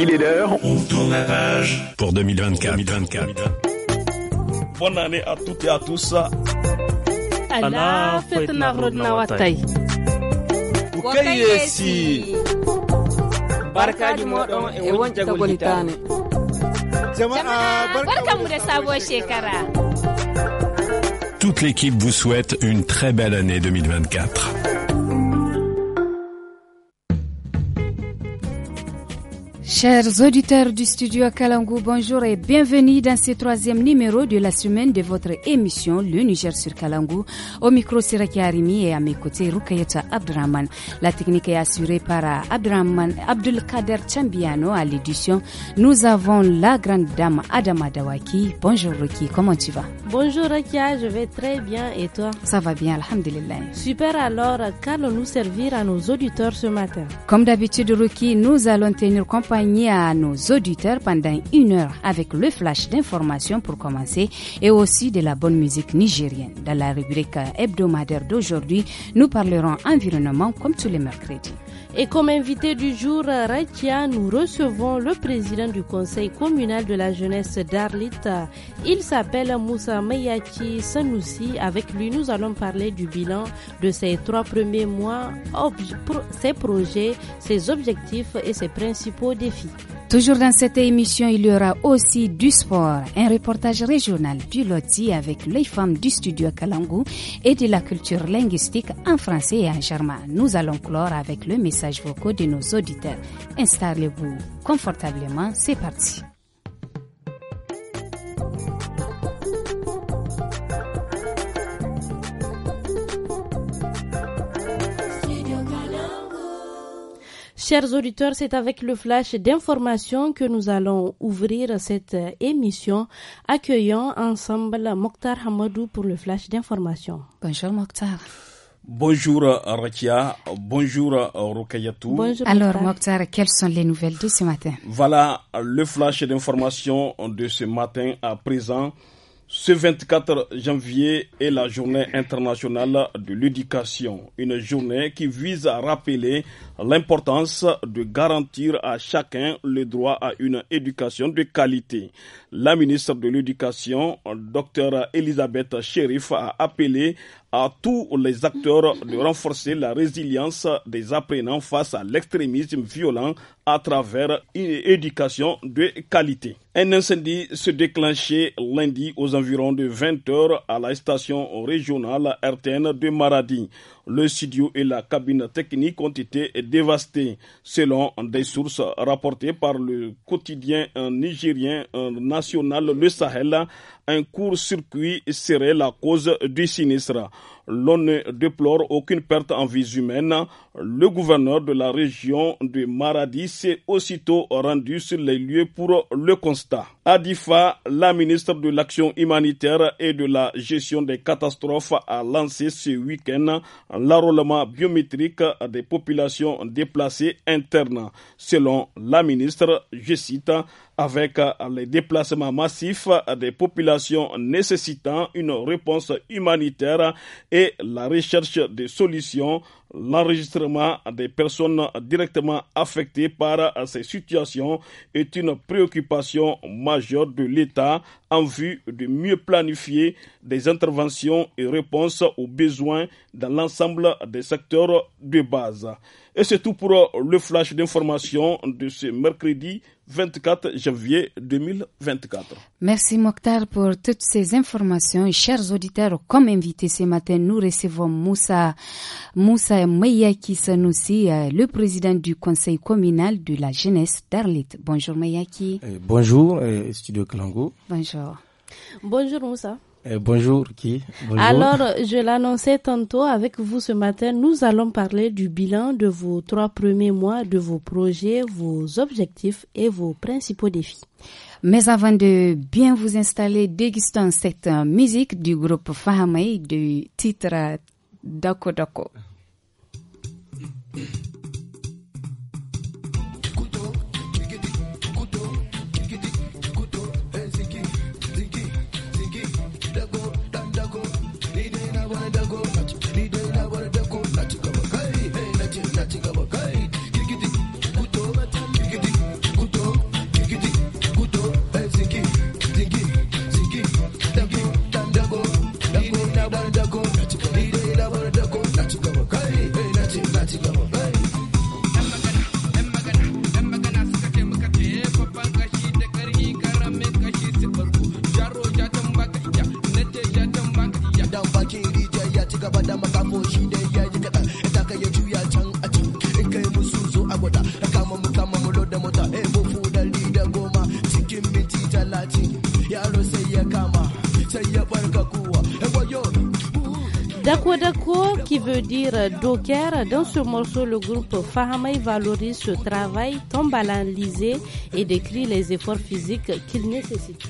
Il est l'heure. On tourne la page pour 2024. 2024. Bonne année à toutes et à tous. Allah fitna rodna watay. Kayesi. Barkaji modon e wonta e golitane. Jama'a barkamu da sabuwar shekara. Toute l'équipe vous souhaite une très belle année 2024. Chers auditeurs du studio à Kalangou, bonjour et bienvenue dans ce troisième numéro de la semaine de votre émission Le Niger sur Kalangou. Au micro, Siraki Arimi et à mes côtés, Rukayeta Abdraman. La technique est assurée par Abdraman Abdelkader Chambiano à l'édition. Nous avons la grande dame Adama Dawaki. Bonjour Ruki, comment tu vas Bonjour Rakia, je vais très bien et toi Ça va bien, Alhamdulillah. Super alors, qu'allons-nous servir à nos auditeurs ce matin Comme d'habitude Ruki, nous allons tenir compagnie à nos auditeurs pendant une heure avec le flash d'information pour commencer et aussi de la bonne musique nigérienne. Dans la rubrique hebdomadaire d'aujourd'hui, nous parlerons environnement comme tous les mercredis. Et comme invité du jour, Raitia, nous recevons le président du conseil communal de la jeunesse d'Arlit. Il s'appelle Moussa Meyati Sanoussi. Avec lui, nous allons parler du bilan de ses trois premiers mois, ses projets, ses objectifs et ses principaux défis. Toujours dans cette émission, il y aura aussi du sport, un reportage régional du Loti avec les femmes du studio Kalangu et de la culture linguistique en français et en germain. Nous allons clore avec le message vocaux de nos auditeurs. Installez-vous confortablement, c'est parti. Chers auditeurs, c'est avec le flash d'information que nous allons ouvrir cette émission. Accueillons ensemble Mokhtar Hamadou pour le flash d'information. Bonjour Mokhtar. Bonjour Rakia, bonjour Rokayatou. Bonjour, Alors Mokhtar, quelles sont les nouvelles de ce matin Voilà le flash d'information de ce matin à présent. Ce 24 janvier est la journée internationale de l'éducation, une journée qui vise à rappeler l'importance de garantir à chacun le droit à une éducation de qualité. La ministre de l'Éducation, Dr Elisabeth Sheriff, a appelé à tous les acteurs de renforcer la résilience des apprenants face à l'extrémisme violent à travers une éducation de qualité. Un incendie se déclenchait lundi aux environs de 20h à la station régionale RTN de Maradi. Le studio et la cabine technique ont été dévastés, selon des sources rapportées par le quotidien nigérien national Le Sahel. Un court-circuit serait la cause du sinistre l'on ne déplore aucune perte en vie humaine. Le gouverneur de la région de Maradi s'est aussitôt rendu sur les lieux pour le constat. Adifa, la ministre de l'Action humanitaire et de la gestion des catastrophes, a lancé ce week-end l'enrôlement biométrique des populations déplacées internes. Selon la ministre, je cite, avec euh, les déplacements massifs des populations nécessitant une réponse humanitaire et la recherche de solutions l'enregistrement des personnes directement affectées par euh, ces situations est une préoccupation majeure de l'État en vue de mieux planifier des interventions et réponses aux besoins dans l'ensemble des secteurs de base. Et c'est tout pour euh, le flash d'information de ce mercredi 24 janvier 2024. Merci Mokhtar pour toutes ces informations. Chers auditeurs, comme invité ce matin, nous recevons Moussa, Moussa Mayaki Sanoussi, euh, le président du conseil communal de la jeunesse d'Arlit. Bonjour Mayaki. Euh, bonjour, euh, Studio Klango. Bonjour. Bonjour Moussa. bonjour qui Alors, je l'annonçais tantôt avec vous ce matin, nous allons parler du bilan de vos trois premiers mois, de vos projets, vos objectifs et vos principaux défis. Mais avant de bien vous installer, dégustons cette musique du groupe Fahamei du titre Dako Dako. Mm-hmm. Kodako, qui veut dire docker, dans ce morceau, le groupe Fahamay valorise ce travail à l'analyse et décrit les efforts physiques qu'il nécessite.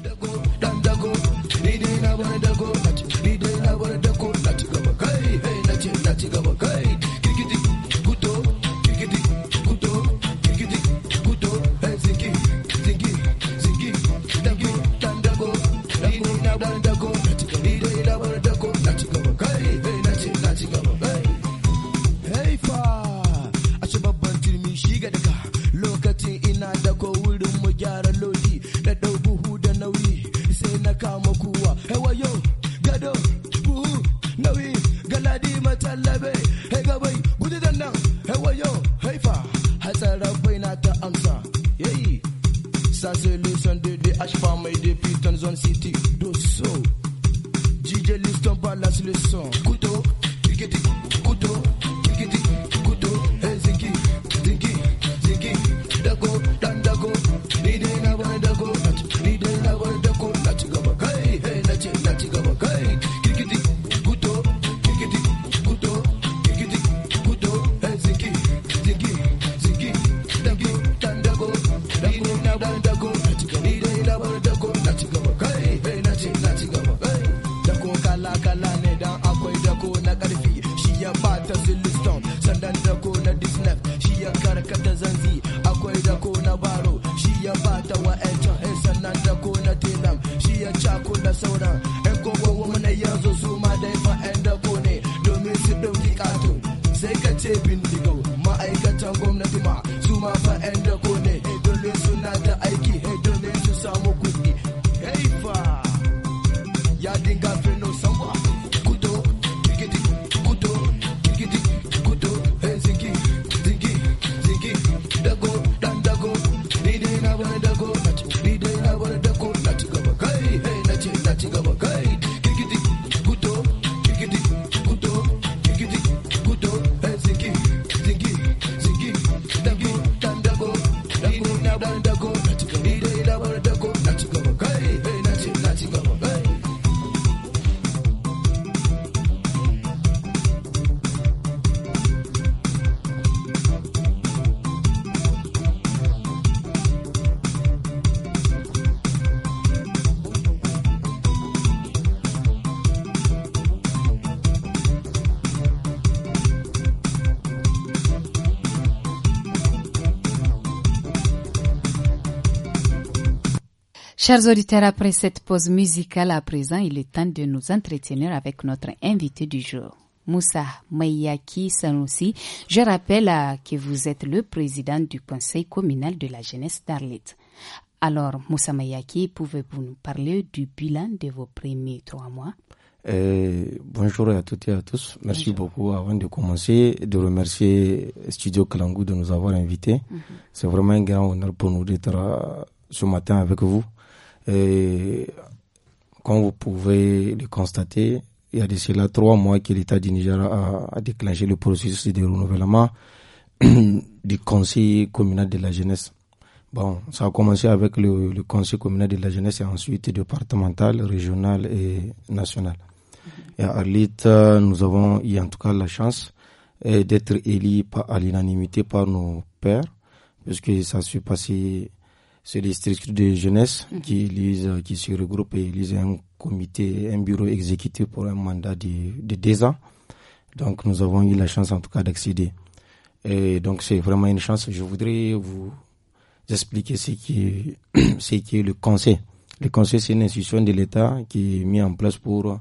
Chers auditeurs, après cette pause musicale à présent, il est temps de nous entretenir avec notre invité du jour. Moussa Mayaki Sanoussi. Je rappelle euh, que vous êtes le président du conseil communal de la jeunesse d'Arlit. Alors, Moussa Mayaki, pouvez-vous nous parler du bilan de vos premiers trois mois euh, Bonjour à toutes et à tous. Merci beaucoup. Avant de commencer, de remercier Studio Kalangou de nous avoir invités. Mhm. C'est vraiment un grand honneur pour nous d'être euh, ce matin avec vous. Et comme vous pouvez le constater, il y a de là trois mois que l'État du Niger a, déclenché le processus de renouvellement du Conseil communal de la jeunesse. Bon, ça a commencé avec le, Conseil communal de la jeunesse et ensuite départemental, régional et national. Et à Arlit, nous avons eu en tout cas la chance eh, d'être élus à l'unanimité par nos pères, puisque ça s'est passé c'est les structures de jeunesse mhm. qui lisent, euh, qui se regroupent et lisent un comité, un bureau exécutif pour un mandat de, deux ans. Donc nous avons eu la chance en tout cas d'accéder. Et donc c'est vraiment une chance. Je voudrais vous expliquer ce qui ce qui est le conseil. Le conseil, c'est une institution de l'État qui est mise en place pour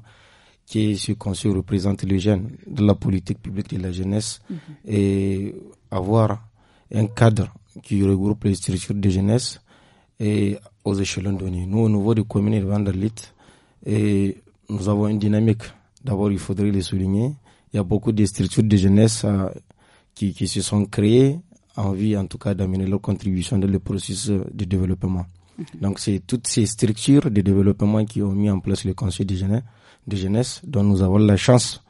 que ce conseil représente les jeunes de la politique publique de la jeunesse mhm. et avoir un cadre qui regroupe les structures de jeunesse et aux échelons donnés. Nous, au niveau du commune de Vanderlit, et nous avons une dynamique. D'abord, il faudrait le souligner. Il y a beaucoup de structures de jeunesse euh, qui, qui, se sont créées en vue, en tout cas, d'amener leur contribution dans le processus euh, de développement. Mhm. Donc, c'est toutes ces structures de développement qui ont mis en place le conseil de jeunesse, de jeunesse dont nous avons la chance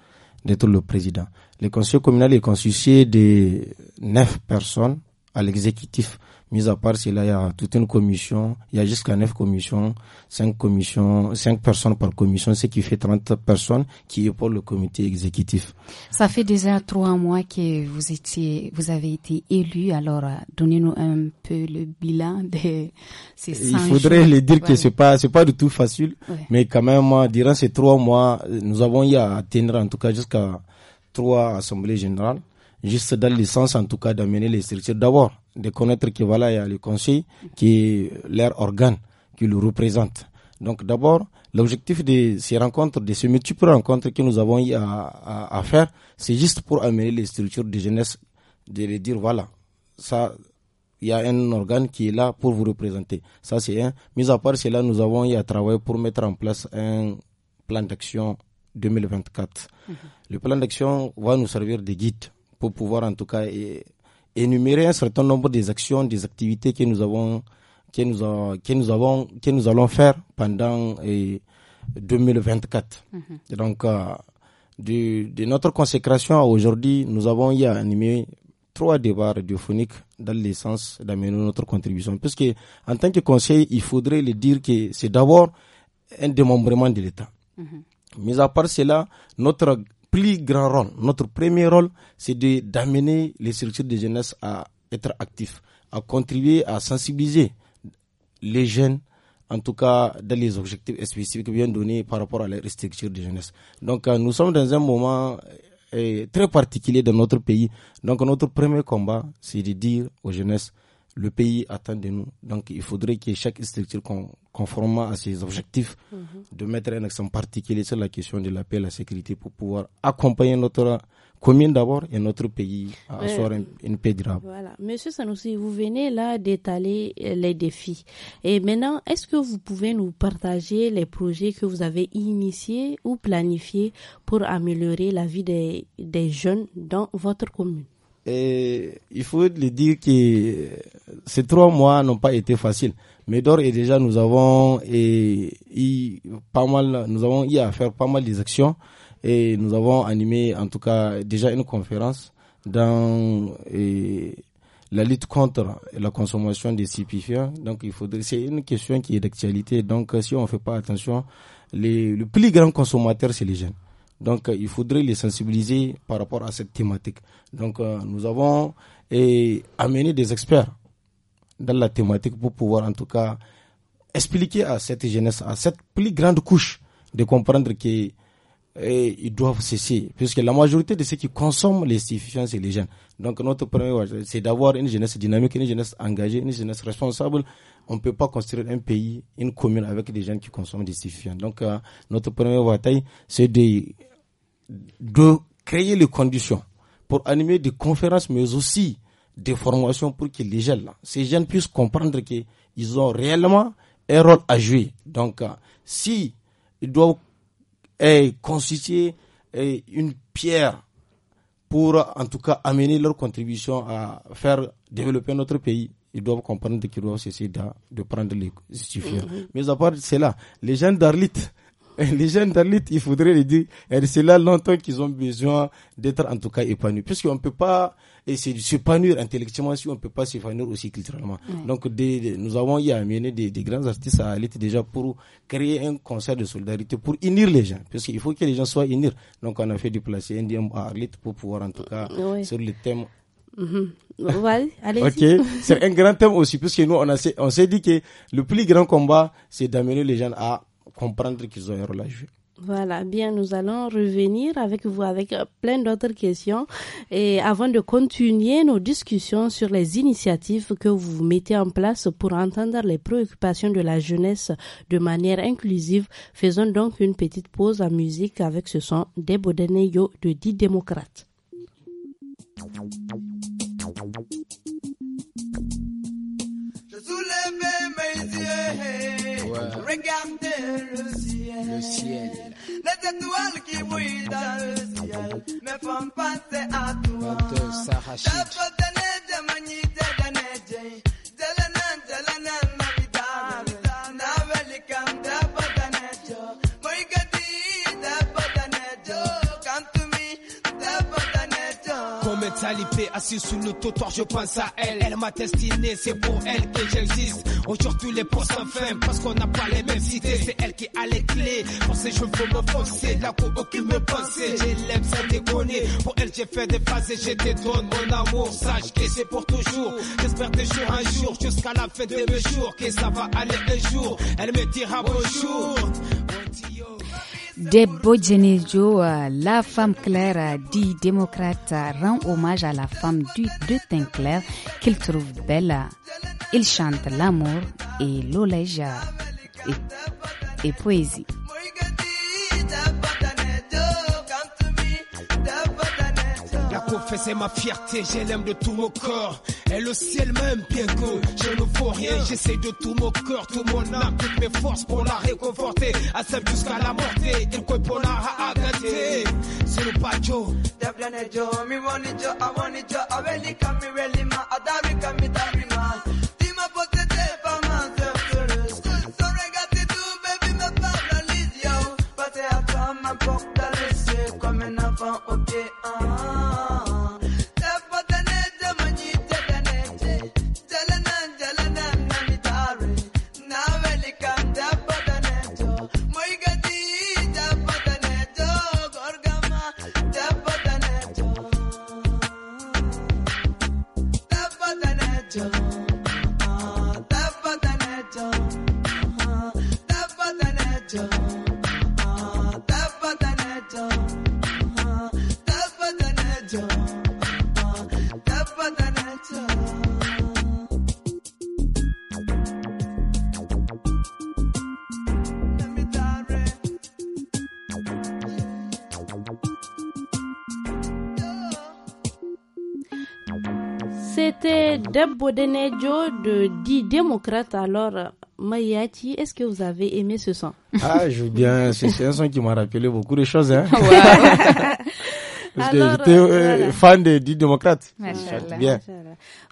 d'être le président. Le conseil communal est constitué de neuf personnes à l'exécutif Mis à part cela, il y a toute une commission, il y a jusqu'à neuf commissions, cinq commissions, cinq personnes par commission, ce qui fait 30 personnes qui pour le comité exécutif. Ça fait déjà trois mois que vous étiez, vous avez été élu. Alors, euh, donnez-nous un peu le bilan de ces Il faudrait le dire que c'est pas, c'est pas du tout facile, mais quand même, durant ces trois mois, euh, nous avons eu à atteindre en tout cas jusqu'à trois assemblées générales juste dans le sens en tout cas d'amener les structures d'abord, de connaître que voilà, il y a le conseil qui est leur organe, qui le représente. Donc d'abord, l'objectif de ces rencontres, de ces multiples rencontres que nous avons eu à, à, faire, c'est juste pour amener les structures de jeunesse, de les dire voilà, ça, il y a un organe qui est là pour vous représenter. Ça c'est un. Mis à part cela, nous avons eu à travailler pour mettre en place un plan d'action 2024. Mhm. Le plan d'action va nous servir de guide pour pouvoir en tout cas énumérer un certain nombre des actions, des activités que nous avons, que nous, a, que nous avons, que nous allons faire pendant 2024. Mm-hmm. Donc, euh, de, notre consécration à aujourd'hui, nous avons eu à trois débats radiophoniques dans le sens d'amener notre contribution. Puisque, en tant que conseil, il faudrait le dire que c'est d'abord un démembrement de l'État. Mm-hmm. Mais à part cela, notre plus grand rôle, notre premier rôle, c'est d'amener les structures de jeunesse à être actifs, à contribuer à sensibiliser les jeunes, en tout cas dans les objectifs spécifiques bien donnés par rapport à la structure de jeunesse. Donc euh, nous sommes dans un moment euh, très particulier dans notre pays. Donc notre premier combat, c'est de dire aux jeunesses, le pays attend de nous. Donc il faudrait que chaque structure, conformément à ses objectifs, mhm. de mettre un accent particulier sur la question de la paix et la sécurité pour pouvoir accompagner notre commune d'abord et notre pays à asseoir une, paix durable. Voilà. Monsieur Sanoussi, vous venez là d'étaler euh, les défis. Et maintenant, est-ce que vous pouvez nous partager les projets que vous avez initiés ou planifiés pour améliorer la vie des, jeunes dans votre commune et il faut le dire que ces trois mois n'ont pas été faciles. Mais d'ores et déjà, nous avons eu pas mal, nous avons eu à faire pas mal des actions et nous avons animé en tout cas déjà une conférence dans la lutte contre la consommation des stupéfiants. Donc il faudrait, c'est une question qui est d'actualité. Donc si on ne fait pas attention, les, le plus grand consommateur c'est les jeunes. Donc il faudrait les sensibiliser par rapport à cette thématique. Donc euh, nous avons amené des experts dans la thématique pour pouvoir en tout cas expliquer à cette jeunesse, à cette plus grande couche de comprendre qu'ils eh, doivent cesser, puisque la majorité de ceux qui consomment les stupéfiants, c'est les jeunes. Donc notre premier, c'est d'avoir une jeunesse dynamique, une jeunesse engagée, une jeunesse responsable. On ne peut pas construire un pays, une commune avec des jeunes qui consomment des stupéfiants. Donc euh, notre premier bataille, c'est de, de créer les conditions pour animer des conférences, mais aussi des formations pour que les jeunes, ces jeunes puissent comprendre qu'ils ont réellement un rôle à jouer. Donc, euh, si ils doivent euh, constituer euh, une pierre pour, en tout cas, amener leur contribution à faire développer notre pays, ils doivent comprendre qu'ils doivent cesser de, prendre les justifiants. Mm-hmm. Mais à part cela, les jeunes d'Arlit, les jeunes d'Arlit, il faudrait les dire, c'est là longtemps qu'ils ont besoin d'être en tout cas épanouis. Puisqu'on ne peut pas essayer s'épanouir intellectuellement si on ne peut pas s'épanouir aussi culturellement. Donc nous avons amené des, grands artistes à Arlit déjà pour créer un concert de solidarité, pour unir les gens. Parce qu'il faut que les gens soient unis. Donc on a fait déplacer un NDM à Arlit pour pouvoir en tout cas sur le thème mhm. Oui, allez ok, c'est un grand thème aussi, puisque nous, on, on s'est dit que le plus grand combat, c'est d'amener les gens à comprendre qu'ils ont un Voilà, bien, nous allons revenir avec vous avec euh, plein d'autres questions. Et avant de continuer nos discussions sur les initiatives que vous mettez en place pour entendre les préoccupations de la jeunesse de manière inclusive, faisons donc une petite pause en musique avec ce son des Bodeneyo de Dit Démocrate. Regardez le ciel. Le ciel. Les étoiles qui brillent dans le ciel. me font penser à toi. Ta beauté est magnifique. salipé, assis sous le trottoir, je pense à elle. Elle m'a destiné, c'est pour elle que j'existe. Aujourd'hui, les pots sans femme parce qu'on n'a pas les mêmes idées. C'est elle qui a les clés. Pour veux me foncer. La pour aucune me pensée. J'élève ça déconner. Pour elle, j'ai fait des phases et j'étais trop mon amour. Sache que c'est pour toujours. J'espère des jours un jour, jusqu'à la fin de mes jours, que ça va aller un jour. Elle me dira bonjour. Debo Genejo, euh, la femme claire euh, dit démocrate, euh, rend hommage à la femme du, de teint clair qu'il trouve belle. Il chante l'amour et l'olège et poésie. Confessez ma fierté, j'ai l'aime de tout mon corps. Et le ciel même, bien que je ne vaux rien, j'essaie de tout mon cœur, tout mon âme, toutes mes forces pour la réconforter. À ça jusqu'à la morte, il quoi pour la C'est le pacho. Debbo de dit démocrate, alors Mayati, est-ce que vous avez aimé ce son Ah, je veux bien, c'est un son qui m'a rappelé beaucoup de choses. Hein. j'étais euh, fan des Démocrate Bien.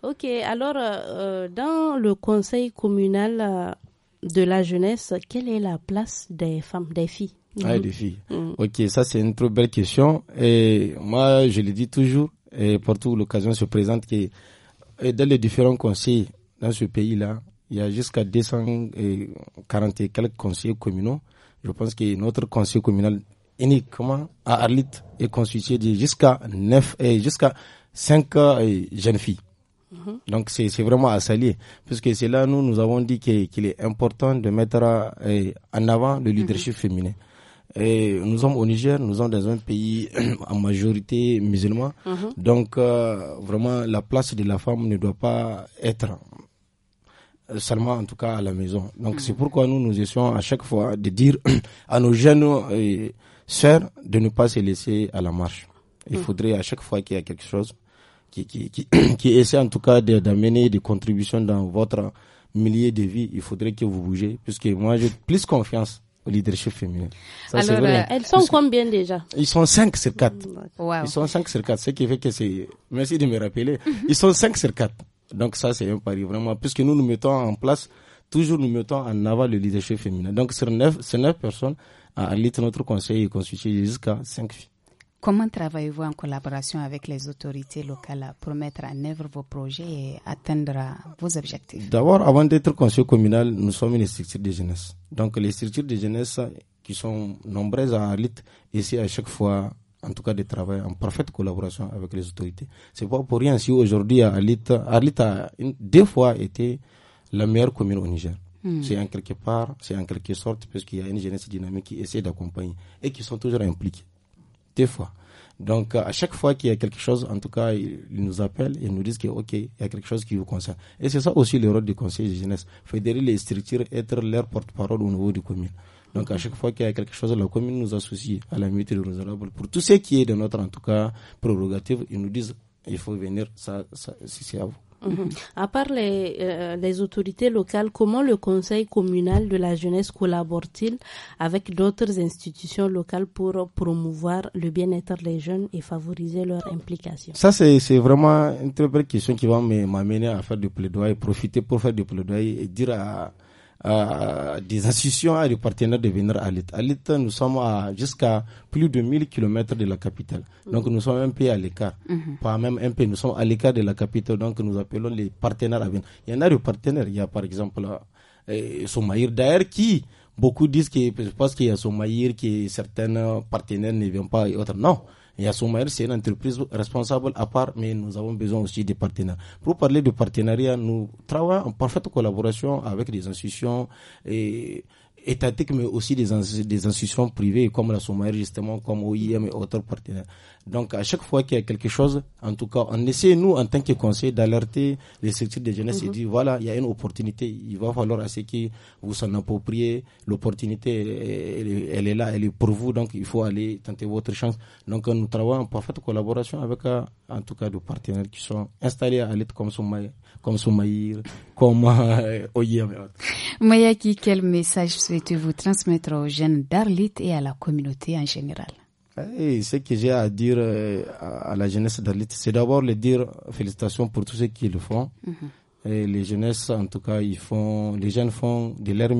Ok, alors euh, dans le conseil communal euh, de la jeunesse, quelle est la place des femmes, des filles Ah, des filles. Mm. Mm. Ok, ça c'est une trop belle question. Et moi, je le dis toujours, et partout où l'occasion se présente, que et dans les différents conseils dans ce pays-là, il y a jusqu'à 240 euh, et quelques conseils communaux. Je pense que notre conseil communal uniquement à Arlit est constitué de jusqu'à neuf et euh, jusqu'à 5 euh, jeunes filles. Mhm. Donc c'est vraiment à saluer, puisque c'est là nous nous avons dit qu'il est important de mettre en avant le leadership mhm. féminin. Et nous sommes au Niger, nous sommes dans un pays en majorité musulman. Mhm. Donc, euh, vraiment, la place de la femme ne doit pas être seulement en tout cas à la maison. Donc, c'est mhm. pourquoi nous nous essayons à chaque fois de dire à nos jeunes et euh, sœurs de ne pas se laisser à la marche. Il mhm. faudrait à chaque fois qu'il y a quelque chose qui, qui, qui, qui essaie en tout cas d'amener des contributions dans votre milieu de vie, il faudrait que vous bougez, puisque moi j'ai plus confiance au leadership féminin. Alors, vrai. Euh, elles sont combien déjà Ils sont 5 sur 4. Mmh, wow. Ils sont 5 sur 4, ce qui fait que c'est... Merci de me rappeler. Ils sont 5 sur 4. Donc ça, c'est un pari vraiment, puisque nous nous mettons en place, toujours nous mettons en avant le leadership féminin. Donc sur 9, sur 9 personnes, à de notre conseil est constitué jusqu'à 5 filles. Comment travaillez-vous en collaboration avec les autorités locales pour mettre en œuvre vos projets et atteindre vos objectifs D'abord, avant d'être conseil communal, nous sommes une structure de jeunesse. Donc les structures de jeunesse qui sont nombreuses à Arlit, ici à chaque fois, en tout cas, de travailler en parfaite collaboration avec les autorités. C'est pas pour rien si aujourd'hui à Arlit, a deux fois été la meilleure commune au Niger. Hmm. C'est en quelque part, c'est en quelque sorte, parce qu'il y a une jeunesse dynamique qui essaie d'accompagner et qui sont toujours impliqués. Des fois. Donc, à chaque fois qu'il y a quelque chose, en tout cas, ils nous appellent et nous disent que, OK, il y a quelque chose qui vous concerne. Et c'est ça aussi le rôle du conseil de jeunesse. Fédérer les structures, être leur porte-parole au niveau du commune. Donc, à chaque fois qu'il y a quelque chose, la commune nous associe à la mutuelle Rosalabol. Pour tout ce qui est de notre, en tout cas, prérogative, ils nous disent, il faut venir, ça, ça c'est à vous. Mhm. À part les, euh, les, autorités locales, comment le Conseil communal de la jeunesse collabore-t-il avec d'autres institutions locales pour promouvoir le bien-être des jeunes et favoriser leur implication Ça, c'est vraiment une très belle question qui va m'amener à faire du plaidoyer, profiter pour faire du plaidoyer et dire à, euh, des institutions et des partenaires de venir à l'État. À l'État, nous sommes à jusqu'à plus de 1000 km de la capitale. Donc nous sommes un peu à l'écart. Mhm. Pas même un peu, nous sommes à l'écart de la capitale. Donc nous appelons les partenaires à venir. Il y en a des partenaires. Il y a par exemple euh, euh, Somaïr d'ailleurs qui, beaucoup disent que, parce qu'il y a Somaïr, que certains partenaires ne viennent pas et autres. Non. Et à c'est une entreprise responsable à part, mais nous avons besoin aussi des partenaires. Pour parler de partenariat, nous travaillons en parfaite collaboration avec des institutions étatiques, mais aussi des, institutions privées comme la Somalie, justement, comme OIM et autres partenaires. Donc à chaque fois qu'il y a quelque chose, en tout cas, on essaie, nous, en tant que conseil, d'alerter les structures de jeunesse et mhm. dire, voilà, il y a une opportunité, il va falloir à ce que vous s'en appropriez, l'opportunité, elle, est là, elle est pour vous, donc il faut aller tenter votre chance. Donc nous travaillons en parfaite collaboration avec, euh, en tout cas, nos partenaires qui sont installés à l'aide comme Soumaïr, comme, Soumaïr, comme euh, Mayaki, quel message souhaitez-vous transmettre aux jeunes d'Arlit et à la communauté en général et ce que j'ai à dire euh, à la jeunesse d'Alit, c'est d'abord les dire félicitations pour tous ceux qui le font. Mhm. Et les jeunesses, en tout cas, ils font, les jeunes font de leur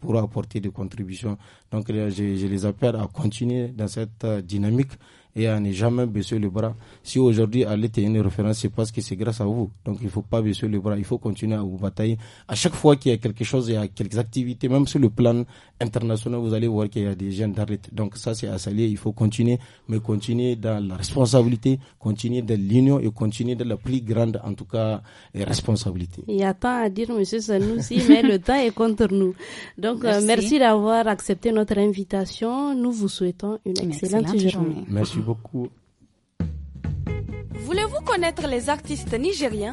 pour apporter des contributions. Donc, euh, je, je, les appelle à continuer dans cette euh, dynamique et à ne jamais baisser le bras. Si aujourd'hui Alit est une référence, c'est parce que c'est grâce à vous. Donc, il ne faut pas baisser le bras. Il faut continuer à vous batailler. À chaque fois qu'il y a quelque chose, il y a quelques activités, même sur le plan internationaux, vous allez voir qu'il y a des jeunes d'arrêt. Donc ça, c'est à saluer. Il faut continuer, mais continuer dans la responsabilité, continuer dans l'union et continuer dans la plus grande, en tout cas, eh, responsabilité. Il y a tant à dire, Monsieur Sanoussi, mais le temps est contre nous. Donc euh, merci, d'avoir accepté notre invitation. Nous vous souhaitons une, excellente, journée. journée. Merci beaucoup. Voulez-vous connaître les artistes nigériens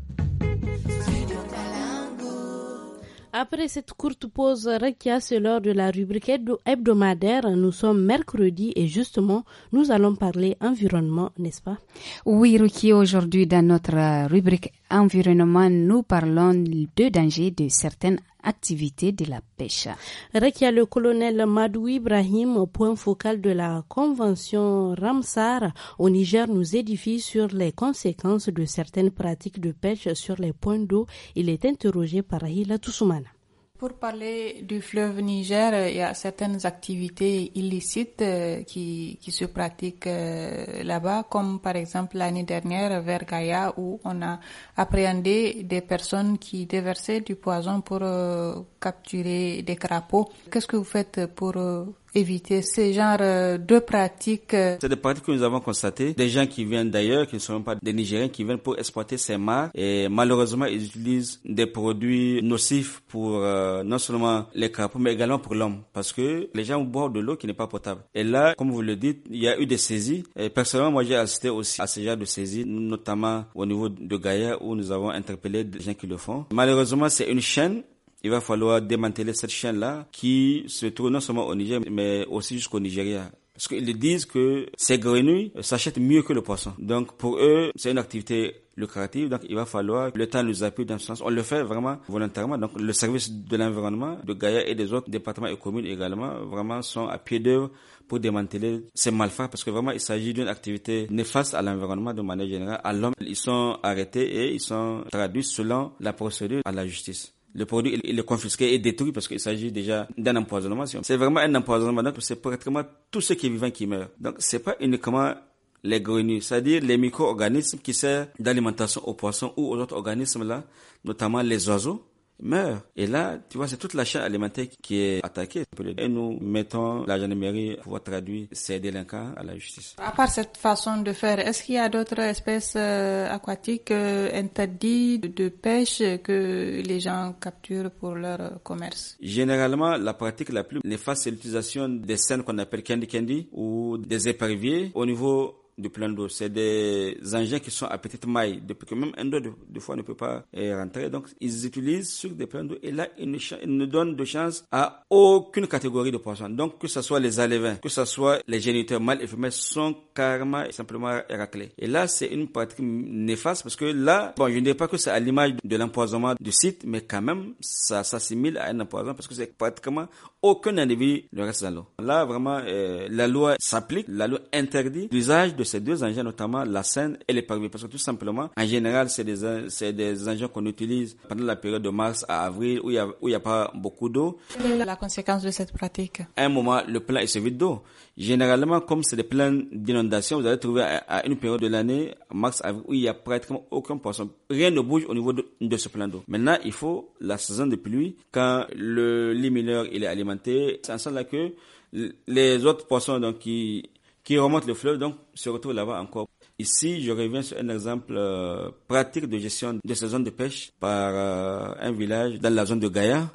Après cette courte pause, Rekia, c'est de la rubrique hebdomadaire. Nous sommes mercredi et justement, nous allons parler environnement, n'est-ce pas Oui, Ruki, aujourd'hui dans notre rubrique environnement, nous parlons de dangers de certaines activités de la pêche. Rekia, le colonel Madou Ibrahim, point focal de la convention Ramsar au Niger, nous édifie sur les conséquences de certaines pratiques de pêche sur les points d'eau. Il est interrogé par Aïla Toussoumana. Pour parler du fleuve Niger, il y a certaines activités illicites euh, qui, se pratiquent euh, là-bas, comme par exemple l'année dernière vers Gaïa où on a appréhendé des personnes qui déversaient du poison pour euh, capturer des crapauds. Qu'est-ce que vous faites pour euh, éviter ces genres euh, de pratiques euh? C'est des pratiques que nous avons constatées. Des gens qui viennent d'ailleurs, qui ne sont même pas des Nigériens, qui viennent pour exploiter ces mares. Et malheureusement, ils utilisent des produits nocifs pour non seulement les crapauds, mais également pour l'homme. Parce que les gens boivent de l'eau qui n'est pas potable. Et là, comme vous le dites, il y a eu des saisies. Et personnellement, moi, j'ai assisté aussi à ces genres de saisies, notamment au niveau de Gaïa, où nous avons interpellé des gens qui le font. Malheureusement, c'est une chaîne il va falloir démanteler cette chaîne-là qui se trouve non seulement au Niger, mais aussi jusqu'au Nigeria. Parce qu'ils disent que ces grenouilles s'achètent mieux que le poisson. Donc pour eux, c'est une activité lucrative, donc il va falloir le temps nous appuie dans ce sens. On le fait vraiment volontairement. Donc le service de l'environnement de Gaïa et des autres départements et communes également vraiment sont à pied d'œuvre pour démanteler ces malfaits parce que vraiment il s'agit d'une activité néfaste à l'environnement de manière générale, à l'homme. Ils sont arrêtés et ils sont traduits selon la procédure à la justice le produit il est confisqué et détruit parce qu'il s'agit déjà d'un empoisonnement. C'est vraiment un empoisonnement, donc c'est pratiquement tout ce qui est vivant qui meurt. Donc c'est pas uniquement les grenouilles, c'est-à-dire les micro-organismes qui servent d'alimentation aux poissons ou aux autres organismes là, notamment les oiseaux meurent. Et là, tu vois, c'est toute la chaîne alimentaire qui est attaquée. Et nous mettons la mairie pour traduire ces délinquants à la justice. À part cette façon de faire, est-ce qu'il y a d'autres espèces euh, aquatiques euh, interdites de pêche que les gens capturent pour leur euh, commerce Généralement, la pratique la plus néfaste, c'est l'utilisation des scènes qu'on appelle candy candy ou des éperviers au niveau de plein d'eau. C'est des engins qui sont à petite maille, depuis que même un dos, de, fois, ne peut pas euh, rentrer. Donc, ils utilisent sur des plans d'eau et là, ils ne, donnent de chance à aucune catégorie de poissons. Donc, que ce soit les alevins, que ce soit les géniteurs mâles et femelles, sont carrément et simplement raclés. Et là, c'est une pratique néfaste parce que là, bon, je ne dis pas que c'est à l'image de l'empoisonnement du site, mais quand même, ça s'assimile à un empoisonnement parce que c'est pratiquement aucun individu ne reste dans l'eau. Là, vraiment, euh, la loi s'applique, la loi interdit l'usage de ces deux engins, notamment la scène et les parvis, parce que tout simplement, en général, c'est des, des engins qu'on utilise pendant la période de mars à avril, où il n'y a, a pas beaucoup d'eau. Quelle est la conséquence de cette pratique À un moment, le plan est vide d'eau. Généralement, comme c'est des plans d'inondation, vous allez trouver à, une période de l'année, mars, avril, où il n'y a pratiquement aucun poisson. Rien ne bouge au niveau de, ce plan d'eau. Maintenant, il faut la saison de pluie, quand le lit mineur il est alimenté c'est en sens-là que les autres poissons donc, qui, qui remontent le fleuve donc, se retrouvent là-bas encore. Ici, je reviens sur un exemple euh, pratique de gestion de ces zones de pêche par euh, un village dans la zone de Gaïa,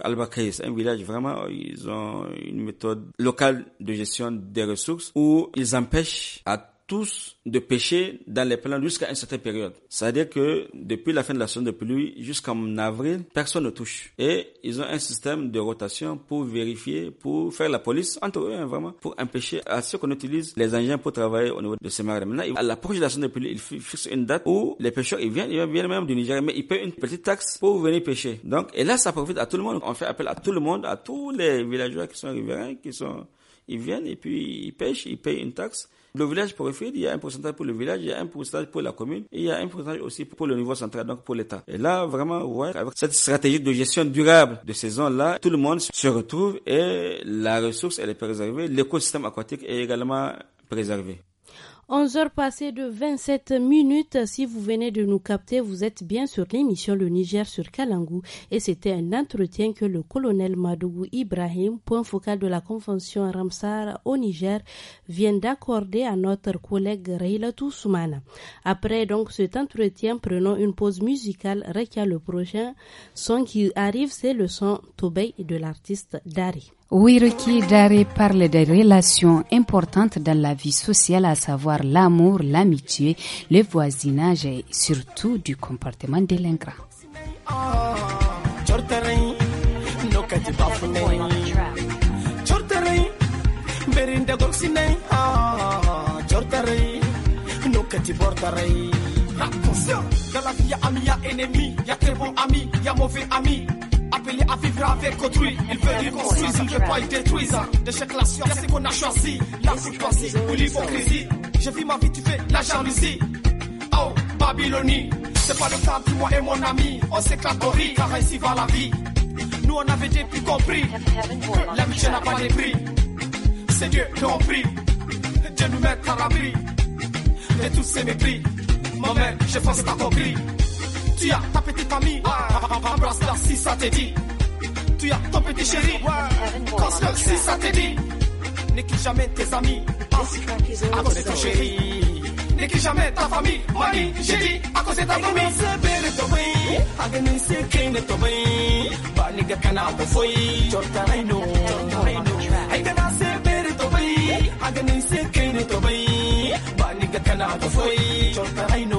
C'est un village vraiment, ils ont une méthode locale de gestion des ressources où ils empêchent à tous de pêcher dans les plans jusqu'à une certaine période. C'est-à-dire que depuis la fin de la saison de pluie jusqu'en avril, personne ne touche. Et ils ont un système de rotation pour vérifier, pour faire la police entre eux, hein, vraiment, pour empêcher à ceux qu'on utilise les engins pour travailler au niveau de ces marais. Maintenant, à l'approche de la saison de pluie, ils fixent une date où les pêcheurs, ils viennent, ils viennent même du Niger, mais ils payent une petite taxe pour venir pêcher. Donc, et là, ça profite à tout le monde. On fait appel à tout le monde, à tous les villageois qui sont riverains, qui sont, ils viennent et puis ils pêchent, ils payent une taxe le village effet, il y a un pourcentage pour le village, il y a un pourcentage pour la commune, et il y a un pourcentage aussi pour le niveau central, donc pour l'État. Et là, vraiment, ouais, avec cette stratégie de gestion durable de ces zones-là, tout le monde se retrouve et la ressource, elle est préservée, l'écosystème aquatique est également préservé. 11 heures passées de 27 minutes. Si vous venez de nous capter, vous êtes bien sur l'émission Le Niger sur Kalangou. Et c'était un entretien que le colonel Madougou Ibrahim, point focal de la convention Ramsar au Niger, vient d'accorder à notre collègue Rayla Soumana. Après donc cet entretien, prenons une pause musicale. Rekia le prochain son qui arrive, c'est le son Tobey de l'artiste Dari. Oui, Ruki, Dare parle des relations importantes dans la vie sociale, à savoir l'amour, l'amitié, le voisinage et surtout du comportement délinquant appelé à vivre avec autrui. Il veut qu'ils construisent, il ne veut pas ils détruisent. De chaque nation, c'est ce qu'on a choisi. La courtoisie ou l'hypocrisie. Je vis ma vie, tu fais la jalousie. Oh, Babylonie, c'est pas le cas, pour moi et mon ami. On s'éclate au riz, car ici va la vie. Nous on avait déjà compris La l'amitié n'a pas de prix. C'est Dieu qui en prie Dieu nous met à l'abri de tous ces mépris. Maman, je pense que t'as compris. Tu as ta petite famille, embrasse-la si ça te dit. Tu as ton petit chéri, casse-le si ça te dit. N'écris jamais tes amis, à cause de ton chéri. N'écris jamais ta famille, j'ai chéri, à cause de ta famille. Agni se kene to bai baliga kana bo foi chota ai it to agni de kana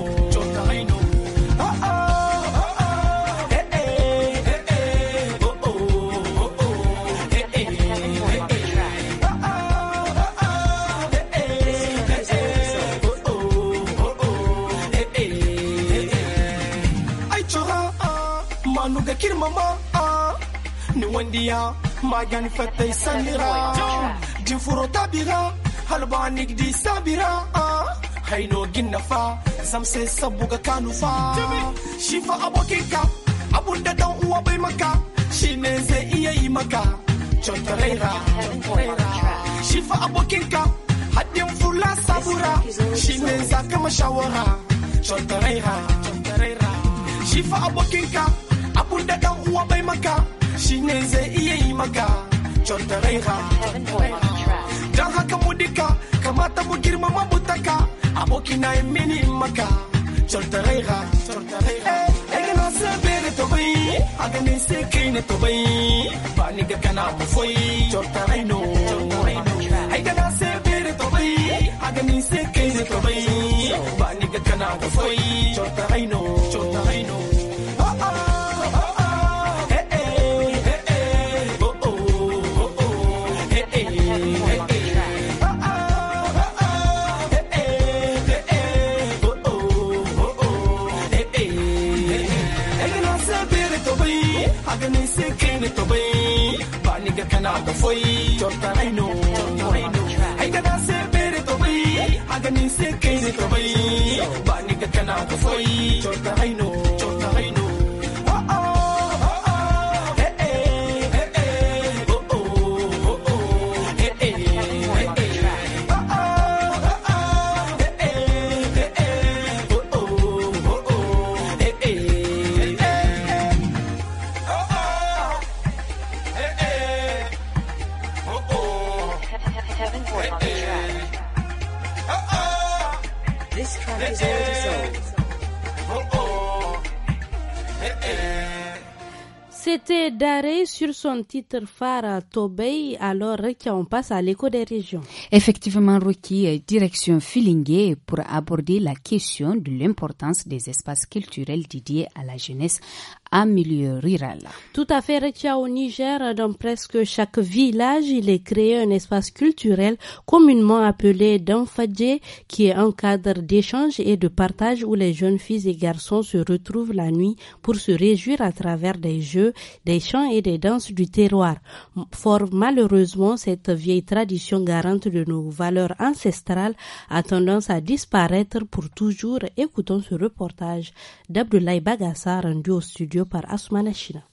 ديا ما كان فتاي سنرا دي فورو تابيرا هل بانيك دي سابيرا هاي نو جنفا زمسي سبوكا كانو فا شيفا ابو كيكا ابو ندم هو بي مكا شيمزي اي اي مكا تشوتريرا شيفا ابو كيكا هاديم فولا سابورا شيمزا كما شاورا تشوتريرا شيفا ابو كيكا ابو ندم هو بي مكا shi ne zai iya yi maka contaraiha kamata mu girmama butaka abokina ya mini maka contaraiha egana sabe da tobai a ganin sai kai na tobai ba ni ga kana mafoi contarai no egana sabe da tobai a ganin sai kai na tobai ba ni ga kana mafoi contarai no foyi no know, ai se bere to bai agani se kai ne to ba ni ka kana soy C'est d'arrêt sur son titre phare Tobey. Alors, qu'on passe à l'écho des régions. Effectivement, Ruki, direction Filingué pour aborder la question de l'importance des espaces culturels dédiés à la jeunesse milieu Tout à fait, Rétia au Niger, dans presque chaque village, il est créé un espace culturel communément appelé Danfadje, qui est un cadre d'échange et de partage où les jeunes filles et garçons se retrouvent la nuit pour se réjouir à travers des jeux, des chants et des danses du terroir. Fort malheureusement, cette vieille tradition garante de nos valeurs ancestrales a tendance à disparaître pour toujours. Écoutons ce reportage d'Abdoulaye Bagassa rendu au studio par Asmana China.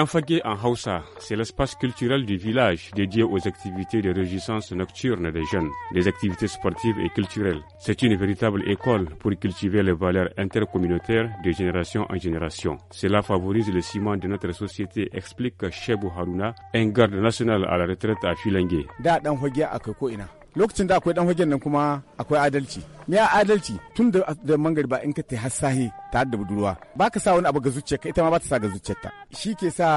en Hausa, c'est l'espace culturel du village dédié aux activités de réjouissance nocturne des jeunes, des activités sportives et culturelles. C'est une véritable école pour cultiver les valeurs intercommunautaires de génération en génération. Cela favorise le ciment de notre société, explique Chebou Haruna, un garde national à la retraite à Filangé. lokacin da akwai dan fagen nan kuma akwai adalci me adalci tun da da mangariba in ka tai hasahi ta da budurwa ba ka sa wani abu ga zuciyarka ita ma ba ta sa ga zuciyarta shi ke sa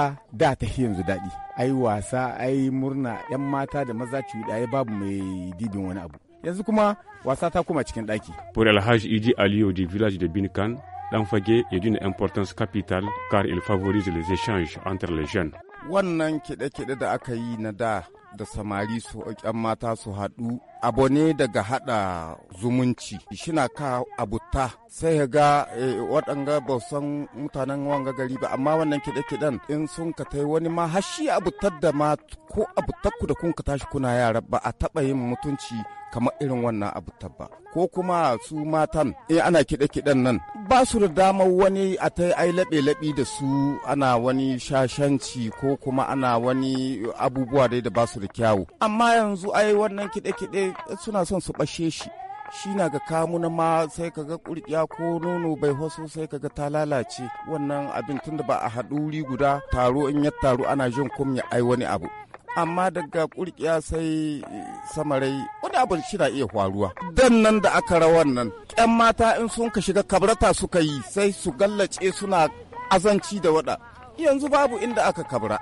da ta hi yanzu daɗi ai wasa ai murna yan mata da maza cuɗaye babu mai dibin wani abu yanzu kuma wasa ta koma cikin ɗaki. Pour Alhaji Idi Aliyo di village de Binkan, dan fage d'une importance capital car il favorise les échanges entre les jeunes. wannan kiɗe-kiɗe da aka yi na da da samari su ƴan mata su haɗu abu ne daga haɗa zumunci shina ka abuta sai ya ga eh, waɗanga ba mutanen wanga gari ba amma wannan kiɗe-kiɗen in sun ka tai wani ma hashi abutar da ma ko abutar da kun ka tashi kuna yara ba a taɓa yin mutunci kamar irin wannan abu tabba ko kuma su matan in ana kiɗe-kiɗen nan ba su da damar wani a ta ai laɓe-laɓi da su ana wani shashanci ko kuma ana wani abubuwa dai da ba su da kyawu amma yanzu ai wannan kiɗe-kiɗe suna son su ɓashe shi shi na ga kamuna ma sai kaga kurkiya ko nono bai hoso sai ga ta lalace wannan abin tun ba a haɗu wuri guda taro in ya taru ana jin kum ai wani abu amma daga kurkiya sai samarai wani abu shi na iya faruwa dan nan da aka rawan nan yan mata in sun ka shiga kabrata suka yi sai su gallace suna azanci da wada yanzu babu inda aka kabra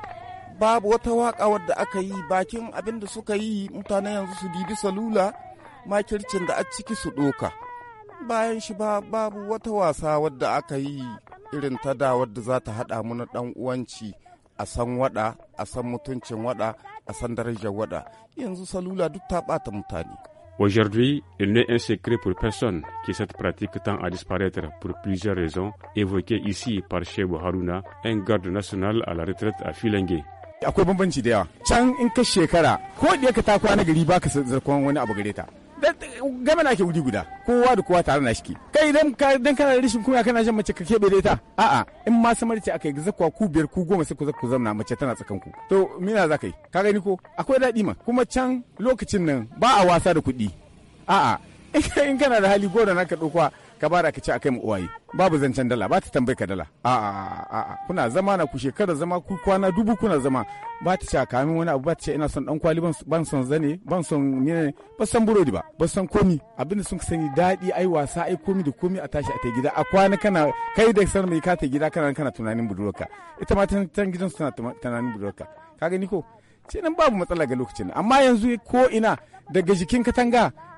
babu wata waka wadda aka yi bakin abin da suka yi mutane yanzu su dibi salula makircin da a ciki su doka bayan shi ba babu wata wasa wadda aka yi irin ta da wadda za ta haɗa mu na ɗan uwanci a san wada a san mutuncin wada a san darajar wada yanzu salula duk ta bata mutane Aujourd'hui, il n'est un secret pour personne que cette pratique tend à disparaître pour plusieurs raisons évoquées ici par Cheb Haruna, un garde national à la retraite à Filengue. Akwai bambanci da yawa. Can in ka shekara, ko da ka ta kwana gari baka wani abu gare gama na ke wuri guda kowa da kowa tare na shi kai idan ka idan kana da rishin kuma kana jan mace ka kebe da ita a'a in ma samar ce aka yi zakwa ku biyar ku goma sai ku zaku zamna mace tana tsakan ku to mina za ka ka gani ko akwai daɗi ma kuma can lokacin nan ba a wasa da kuɗi a'a in kana da hali gora na ka ɗauka ka bara ka ce akai mu uwaye babu zancen dala ba ta tambaye ka dala a a a a kuna zama na ku shekara zama ku kwana dubu kuna zama ba ta ce kamin wani abu ba ta ce ina son dan kwali ban son zane ban son ne ba san burodi ba ba san komi abinda sun sani daɗi ai wasa ai komi da komi a tashi a ta gida a kwana kana kai da san mai ka ta gida kana kana tunanin budurka ita ma tan gidan suna tunanin budurka ka gani ko ce nan babu matsala ga lokacin amma yanzu ko ina daga jikin katanga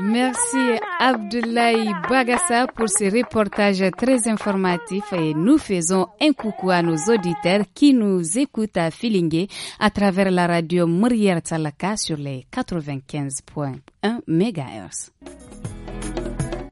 Merci Abdoulaye Bagassa pour ce reportage très informatif et nous faisons un coucou à nos auditeurs qui nous écoutent à Filingue à travers la radio Mourière Talaka sur les 95.1 MHz.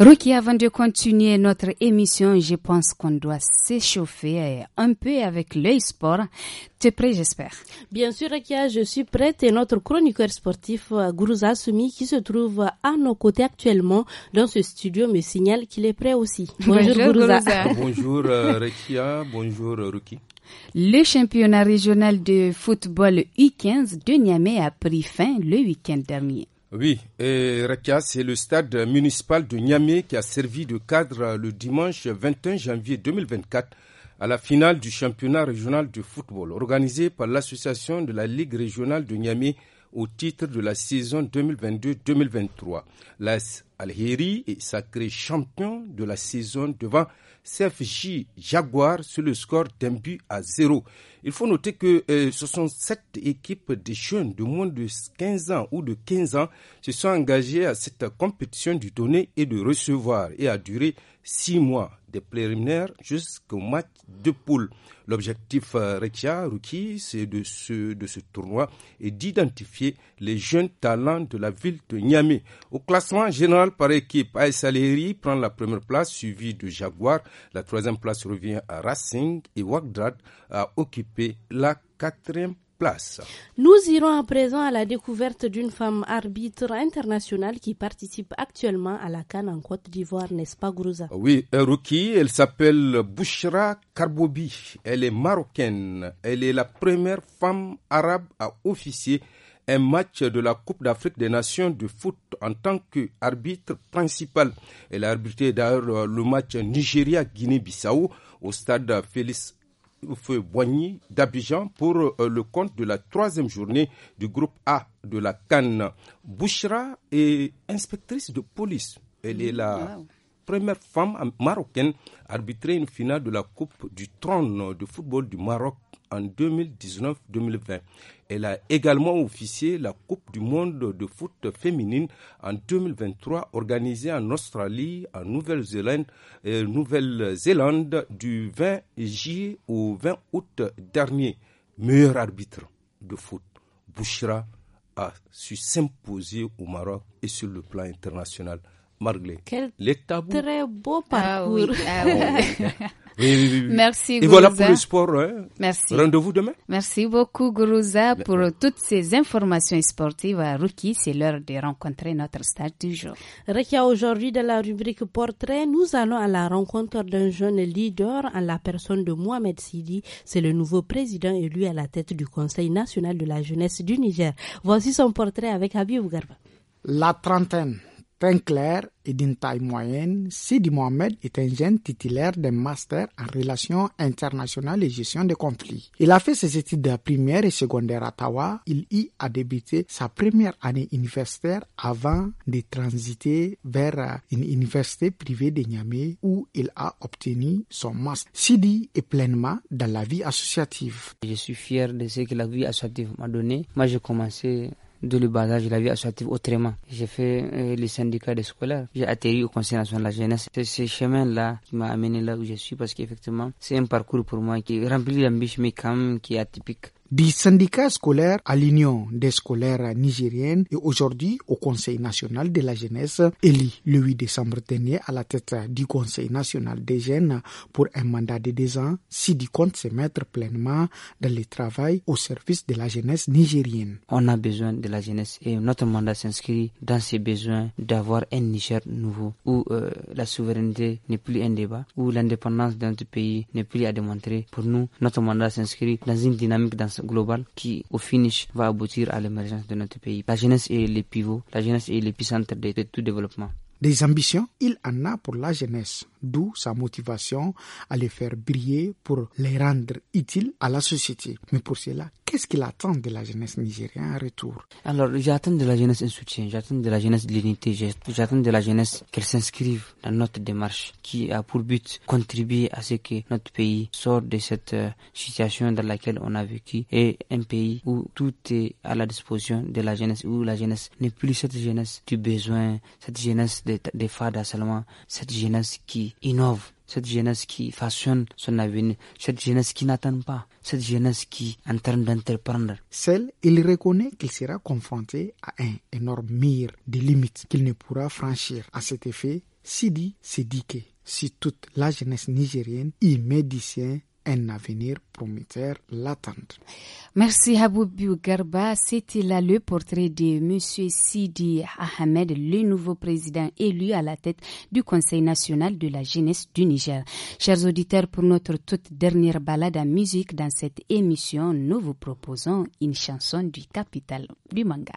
Rocky, avant de continuer notre émission, je pense qu'on doit s'échauffer un peu avec l'œil sport. Tu es prêt, j'espère Bien sûr, Rekia, je suis prête et notre chroniqueur sportif, Gourouza Soumi, qui se trouve à nos côtés actuellement dans ce studio, me signale qu'il est prêt aussi. Bonjour, Gourouza. Bonjour, euh, Rekia. Bonjour, euh, Ruki. Le championnat régional de football U15 de Niamey a pris fin le week-end dernier. Oui, et c'est le stade municipal de Niamey qui a servi de cadre le dimanche 21 janvier 2024 à la finale du championnat régional de football organisé par l'association de la Ligue régionale de Niamey au titre de la saison 2022-2023. L'AS Algérie est sacré champion de la saison devant CFJ Jaguar sur le score d'un but à zéro. Il faut noter que ce euh, sont sept équipes de jeunes de moins de 15 ans ou de 15 ans se sont engagées à cette compétition du donner et de recevoir et a duré six mois des préliminaires jusqu'au match de poule. L'objectif euh, c'est de ce, de ce tournoi est d'identifier les jeunes talents de la ville de Niamey. Au classement général par équipe, Aïs Aléry prend la première place, suivi de Jaguar. La troisième place revient à Racing et Wagdad a occupé la quatrième place place. Nous irons à présent à la découverte d'une femme arbitre internationale qui participe actuellement à la Cannes en Côte d'Ivoire, n'est-ce pas, Grouza Oui, rookie, elle s'appelle Bouchra Karbobi. Elle est marocaine. Elle est la première femme arabe à officier un match de la Coupe d'Afrique des Nations de foot en tant qu'arbitre principal. Elle a arbitré d'ailleurs le match Nigeria-Guinée-Bissau au stade Félix Boigny d'Abidjan pour euh, le compte de la troisième journée du groupe A de la Cannes. Bouchra est inspectrice de police. Elle est la première femme marocaine à arbitrer une finale de la Coupe du Trône de football du Maroc en 2019-2020. Elle a également officié la Coupe du monde de foot féminine en 2023 organisée en Australie, en Nouvelle-Zélande, euh, Nouvelle du 20 juillet au 20 août dernier. Meilleur arbitre de foot, Bouchra a su s'imposer au Maroc et sur le plan international. Margley, les tabous. Très beau ah parcours. Ah Merci, Et hein. Rendez-vous demain. Merci beaucoup, Guruza, pour toutes ces informations sportives. À Ruki, c'est l'heure de rencontrer notre stade du jour. Rekia, aujourd'hui, dans la rubrique portrait, nous allons à la rencontre d'un jeune leader en la personne de Mohamed Sidi. C'est le nouveau président élu à la tête du Conseil national de la jeunesse du Niger. Voici son portrait avec Habib Garba. La trentaine Très clair et d'une taille moyenne, Sidi Mohamed est un jeune titulaire d'un master en relations internationales et gestion des conflits. Il a fait ses études de primaire et secondaire à Tawa. Il y a débuté sa première année universitaire avant de transiter vers une université privée de Niamey où il a obtenu son master. Sidi est pleinement dans la vie associative. Je suis fier de ce que la vie associative m'a donné. Moi, j'ai commencé de le bas de la vie associative autrement. J'ai fait les euh, le syndicat des scolaires. J'ai atterri au Conseil national de la jeunesse. C'est ce chemin-là qui m'a amené là où je suis parce qu'effectivement, c'est un parcours pour moi qui remplit l'ambition mais quand qui est atypique du syndicat scolaire à l'Union des scolaires nigériennes et aujourd'hui au Conseil national de la jeunesse, élu le 8 décembre dernier à la tête du Conseil national des jeunes pour un mandat de deux ans, si du compte se mettre pleinement dans le travail au service de la jeunesse nigérienne. On a besoin de la jeunesse et notre mandat s'inscrit dans ces besoins d'avoir un Niger nouveau où euh, la souveraineté n'est plus un débat, où l'indépendance d'un pays n'est plus à démontrer. Pour nous, notre mandat s'inscrit dans une dynamique dans global globale qui, au finish, va aboutir à l'émergence de notre pays. La jeunesse est le pivot, la jeunesse est l'épicentre de tout développement des ambitions, il en a pour la jeunesse, d'où sa motivation à les faire briller pour les rendre utiles à la société. Mais pour cela, Qu'est-ce qu'il attend de la jeunesse nigérienne en retour Alors, j'attends de la jeunesse un soutien, j'attends de la jeunesse de l'unité, j'attends de la jeunesse qu'elle s'inscrive dans notre démarche qui a pour but contribuer à ce que notre pays sorte de cette euh, situation dans laquelle on a vécu et un pays où tout est à la disposition de la jeunesse, où la jeunesse n'est plus cette jeunesse du besoin, cette jeunesse des, fards seulement, cette jeunesse qui innove cette jeunesse qui façonne son avenir, cette jeunesse qui n'attend pas, cette jeunesse qui est en train d'entreprendre. Celle, il reconnaît qu'il sera confronté à un énorme mire des limites qu'il ne pourra franchir. À cet effet, Sidi que si toute la jeunesse nigérienne, y immédicien, un avenir prometteur l'attend. Merci Haboubou Garba. C'était là le portrait de M. Sidi Ahmed, le nouveau président élu à la tête du Conseil national de la jeunesse du Niger. Chers auditeurs, pour notre toute dernière balade à musique dans cette émission, nous vous proposons une chanson du capital du manga.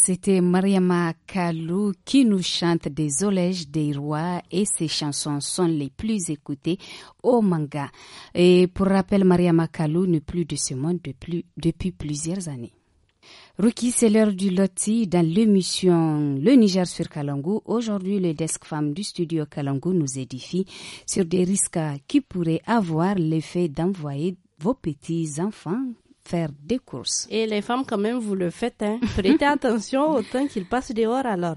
c'était Mariama Kalou qui nous chante des olèges des rois et ses chansons sont les plus écoutées au manga. Et pour rappel, Mariama Kalou n'est plus de ce monde depuis, plusieurs années. Ruki, c'est l'heure du loti dans l'émission Le Niger sur Kalangu. Aujourd'hui, les desk femmes du studio Kalangu nous édifie sur des risques qui pourraient avoir l'effet d'envoyer vos petits enfants faire des courses. Et les femmes, quand même, vous le faites. Hein. Prêtez attention au temps qu'ils passent dehors alors.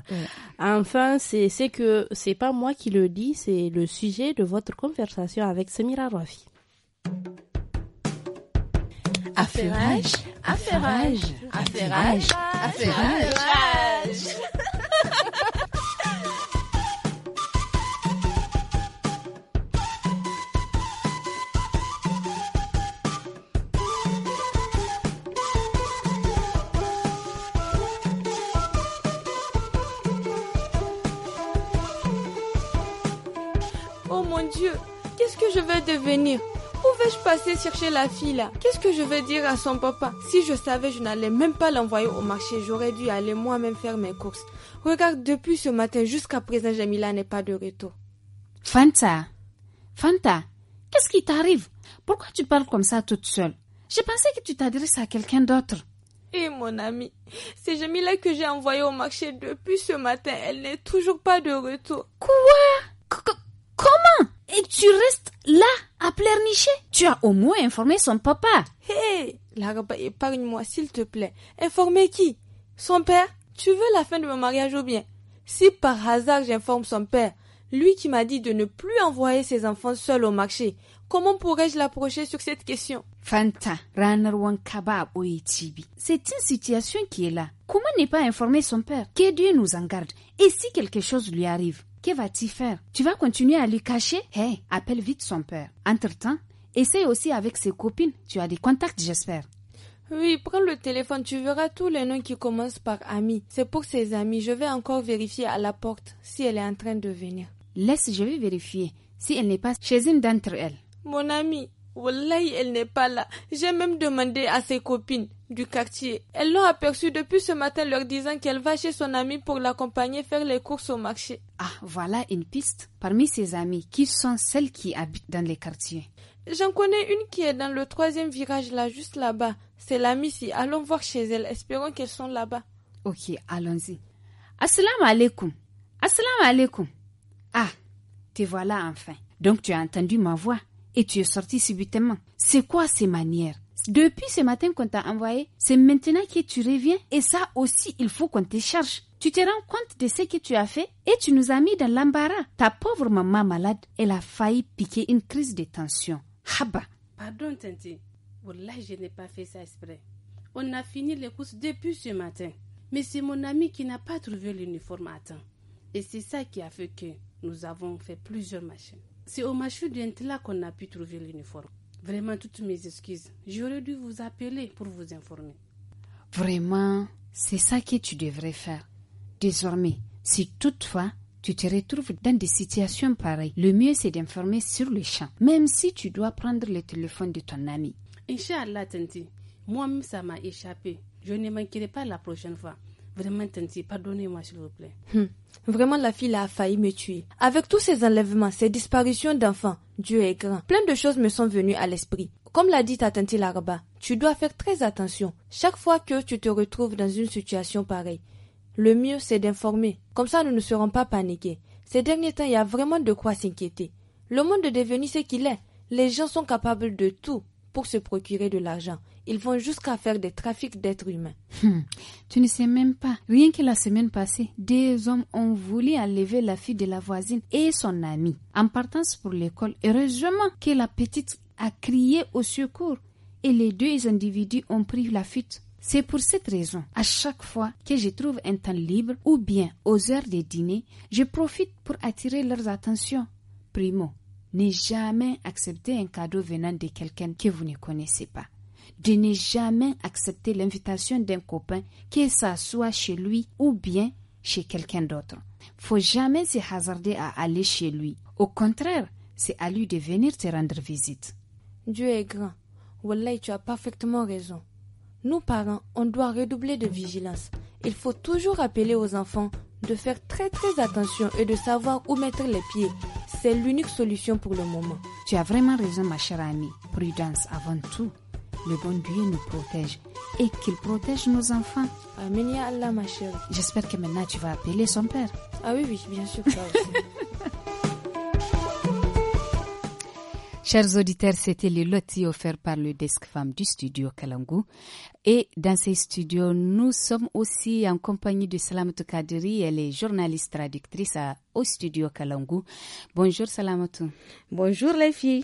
Enfin, c'est que c'est pas moi qui le dis, c'est le sujet de votre conversation avec Samira Rafi. mon Dieu, qu'est-ce que je vais devenir Où vais-je passer chercher la fille là Qu'est-ce que je vais dire à son papa Si je savais, je n'allais même pas l'envoyer au marché. J'aurais dû aller moi-même faire mes courses. Regarde, depuis ce matin jusqu'à présent, Jamila n'est pas de retour. Fanta, Fanta, qu'est-ce qui t'arrive Pourquoi tu parles comme ça toute seule J'ai pensé que tu t'adresses à quelqu'un d'autre. Eh, mon ami, c'est Jamila que j'ai envoyée au marché depuis ce matin. Elle n'est toujours pas de retour. Quoi Comment Et tu restes là à pleurnicher Tu as au moins informé son papa. Hé, hey, épargne-moi s'il te plaît. Informer qui Son père Tu veux la fin de mon mariage ou bien Si par hasard j'informe son père, lui qui m'a dit de ne plus envoyer ses enfants seuls au marché, comment pourrais-je l'approcher sur cette question Fanta, C'est une situation qui est là. Comment ne pas informer son père Que Dieu nous en garde. Et si quelque chose lui arrive que vas-tu faire Tu vas continuer à lui cacher Hé, appelle vite son père. Entre-temps, essaye aussi avec ses copines. Tu as des contacts, j'espère. Oui, prends le téléphone, tu verras tous les noms qui commencent par ami. C'est pour ses amis. Je vais encore vérifier à la porte si elle est en train de venir. Laisse, je vais vérifier si elle n'est pas chez une d'entre elles. Mon ami, Wallahi, elle n'est pas là. J'ai même demandé à ses copines du quartier. Elles l'ont aperçue depuis ce matin leur disant qu'elle va chez son amie pour l'accompagner faire les courses au marché. Ah, voilà une piste. Parmi ses amies, qui sont celles qui habitent dans les quartiers J'en connais une qui est dans le troisième virage là, juste là-bas. C'est l'amie si. Allons voir chez elle. Espérons qu'elles sont là-bas. Ok, allons-y. Assalamu alaikum. Assalamu alaikum. Ah, te voilà enfin. Donc tu as entendu ma voix et tu es sorti subitement. C'est quoi ces manières Depuis ce matin qu'on t'a envoyé, c'est maintenant que tu reviens et ça aussi, il faut qu'on te charge. Tu te rends compte de ce que tu as fait et tu nous as mis dans l'embarras. Ta pauvre maman malade, elle a failli piquer une crise de tension. Haba. Pardon, Tinti. Là, je n'ai pas fait ça exprès. On a fini les courses depuis ce matin. Mais c'est mon ami qui n'a pas trouvé l'uniforme à temps. Et c'est ça qui a fait que nous avons fait plusieurs machines. C'est au machu d'Entla qu'on a pu trouver l'uniforme. Vraiment, toutes mes excuses. J'aurais dû vous appeler pour vous informer. Vraiment, c'est ça que tu devrais faire. Désormais, si toutefois tu te retrouves dans des situations pareilles, le mieux c'est d'informer sur le champ, même si tu dois prendre le téléphone de ton ami. Inch'Allah, Tanti, moi-même ça m'a échappé. Je ne manquerai pas la prochaine fois. Vraiment, Tanti, pardonnez-moi, s'il vous plaît. Hmm. vraiment, la fille a failli me tuer. Avec tous ces enlèvements, ces disparitions d'enfants, Dieu est grand. Plein de choses me sont venues à l'esprit. Comme l'a dit ta tante Laraba, tu dois faire très attention. Chaque fois que tu te retrouves dans une situation pareille, le mieux c'est d'informer. Comme ça, nous ne serons pas paniqués. Ces derniers temps, il y a vraiment de quoi s'inquiéter. Le monde est devenu ce qu'il est. Les gens sont capables de tout pour se procurer de l'argent ils vont jusqu'à faire des trafics d'êtres humains. Hmm. tu ne sais même pas. Rien que la semaine passée, des hommes ont voulu enlever la fille de la voisine et son amie en partant pour l'école. Heureusement que la petite a crié au secours et les deux individus ont pris la fuite. C'est pour cette raison, à chaque fois que je trouve un temps libre ou bien aux heures de dîner, je profite pour attirer leurs attentions. Primo, n'ai jamais accepté un cadeau venant de quelqu'un que vous ne connaissez pas de ne jamais accepter l'invitation d'un copain, que ça soit chez lui ou bien chez quelqu'un d'autre. Faut jamais se hasarder à aller chez lui. Au contraire, c'est à lui de venir te rendre visite. Dieu est grand. Wallahi, tu as parfaitement raison. Nous, parents, on doit redoubler de vigilance. Il faut toujours appeler aux enfants de faire très très attention et de savoir où mettre les pieds. C'est l'unique solution pour le moment. Tu as vraiment raison, ma chère amie. Prudence avant tout le bon Dieu nous protège et qu'il protège nos enfants. Amen, Allah, ma J'espère que maintenant tu vas appeler son père. Ah oui, oui, bien sûr. Chers auditeurs, c'était le loti offert par le Desk Femme du studio Kalangu. Et dans ces studios, nous sommes aussi en compagnie de Salamatou Kadiri. Elle est journaliste traductrice au studio Kalangu. Bonjour Salamatou. Bonjour les filles.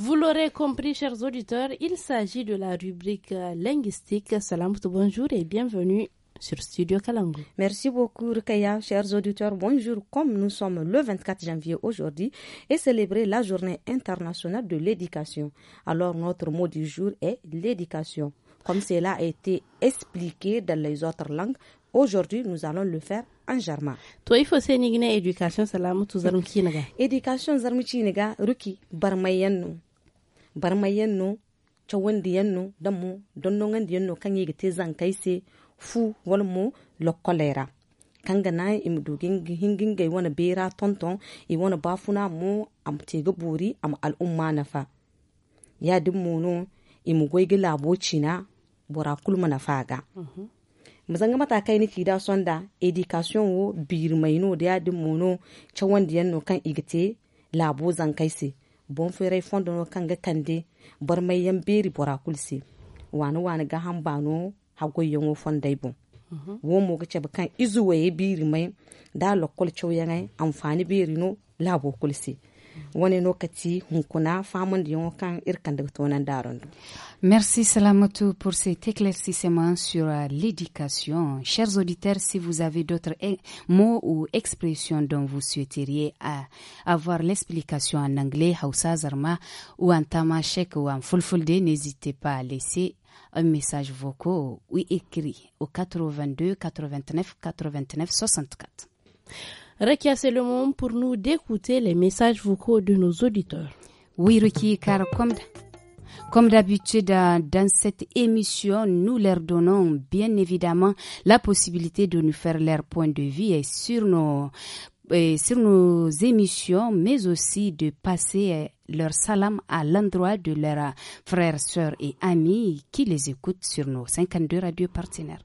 Vous l'aurez compris, chers auditeurs, il s'agit de la rubrique linguistique. Salam, bonjour et bienvenue sur Studio Kalangu. Merci beaucoup, Rukaya. Chers auditeurs, bonjour. Comme nous sommes le 24 janvier aujourd'hui et célébrer la journée internationale de l'éducation. Alors, notre mot du jour est l'éducation. Comme cela a été expliqué dans les autres langues, aujourd'hui, nous allons le faire en germain. Toi, éducation, salam, tout Éducation, ruki, mai yanno wanda yanno dammo don yanno kangi gite kai se fu walmo lokkolera kanga na im dogin hingin gai wani bera tonton i wani bafuna mu am tega bori am al'umma nafa ya din mono imu goygi laboci na bora kulma na faga mm -hmm. mazanga matakai niki da sonda education wo birmaino da ya din mono cawan wanda yanno kan igite labo zan zankaisi bon fere fondo kanga kande bar mai yan beri bora kulse wani wani ga han bano hago yango fondai bon mhm. wo mo ga ce bakan izu biri mai da lokol cewa amfani beri no labo kulse Merci Salamatou pour cet éclaircissement sur euh, l'éducation. Chers auditeurs, si vous avez d'autres eh, mots ou expressions dont vous souhaiteriez euh, avoir l'explication en anglais, Hausa Zarma ou en Tamashek ou en Fulfulde, n'hésitez pas à laisser un message vocaux ou écrit au 82 89 89 64. Rekia, c'est le moment pour nous d'écouter les messages vocaux de nos auditeurs. Oui, Ricky, car comme, d'habitude euh, dans cette émission, nous leur donnons bien évidemment la possibilité de nous faire leur point de vue sur nos, sur nos émissions, mais aussi de passer euh, leur salam à l'endroit de leurs euh, frères, sœurs et amis qui les écoutent sur nos 52 radios partenaires.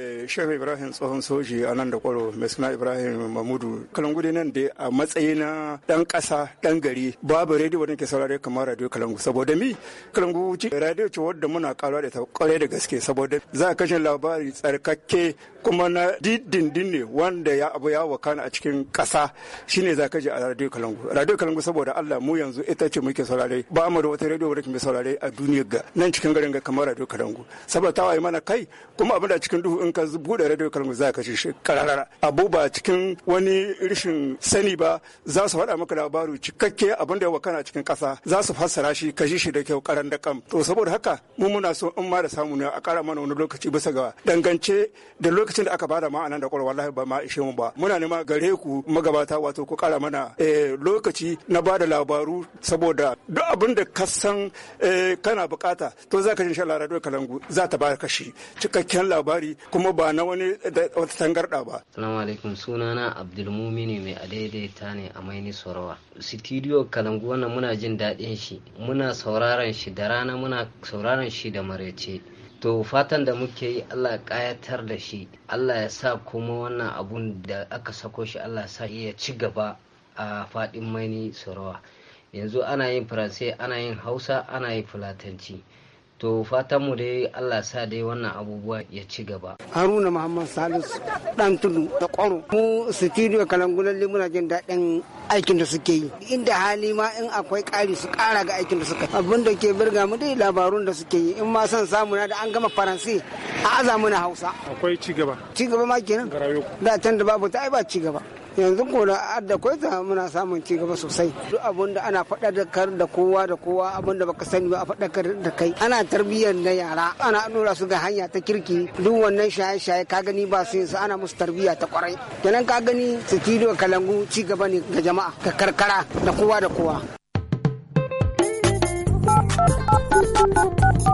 Shehu Ibrahim tsohon soji a nan da kwaro mai suna Ibrahim Mamudu. Kalangu dai nan dai a matsayi na dan kasa dan gari babu rediyo da ke saurare kamar radio Kalangu saboda mi Kalangu radio ce wadda muna karuwa da ta ƙwarai da gaske saboda za a kashe labari tsarkake kuma na dindindin ne wanda ya abu ya wakana a cikin kasa. shine za ka ji a radio Kalangu. Radio Kalangu saboda Allah mu yanzu ita ce muke saurare ba mu da wata radio da ke saurare a duniya ga nan cikin garin ga kamar radio Kalangu. Saboda ta mana kai kuma abin da cikin duhu in ka buɗe radio kalmar za ka shi kararara abu ba cikin wani rishin sani ba za su faɗa maka labaru cikakke abin da ya wakana cikin ƙasa za su fassara shi ka ji shi da kyau karan da kam to saboda haka mu muna so in ma da samu ne a ƙara mana wani lokaci bisa ga dangance da lokacin da aka bada anan da ƙwarwa wallahi ba ma ishe mu ba muna nema gare ku magabata wato ku ƙara mana eh, lokaci na bada labaru saboda duk abin da ka san eh, kana bukata to za ka ji insha radio kalangu za ta ba shi cikakken labari kuma ba na wani wata tangarɗa ba. Salamu alaikum sunana Abdulmumini mai adaidaita ne a maini Sorowa. Sitidiyo Kalangu wannan muna jin daɗin shi muna sauraron shi da rana muna sauraron shi da maraice. to fatan da muke yi allah kayatar da shi allah ya sa kuma wannan abun da aka sako shi allah ya sa ya ci gaba a faɗin maini sorowa yanzu ana yin faransai ana yin hausa ana yin fulatanci to fatan mu dai Allah sa dai wannan abubuwa ya ci gaba Haruna Muhammad Salisu dan tudu da kwaro mu studio kalangulan muna jin daɗin aikin da suke yi inda hali ma in akwai ƙari su ƙara ga aikin da suka yi abin da ke birga mu dai labarun da suke yi in ma son samu na da an gama faransi a aza na hausa akwai ci gaba ci gaba ma kenan da can da babu ta ai ba ci gaba yanzu ko da adda kwaita muna samun ci gaba sosai duk abunda da ana faɗakar da kowa da kowa abin da baka sani ba a faɗakar da kai ana tarbiyyar da yara ana nura su ga hanya ta kirki duk wannan shaye-shaye ka gani ba su su ana musu tarbiyya ta kwarai kenan ka gani su kalangu ci gaba ne ga jama'a ga karkara da kowa da kowa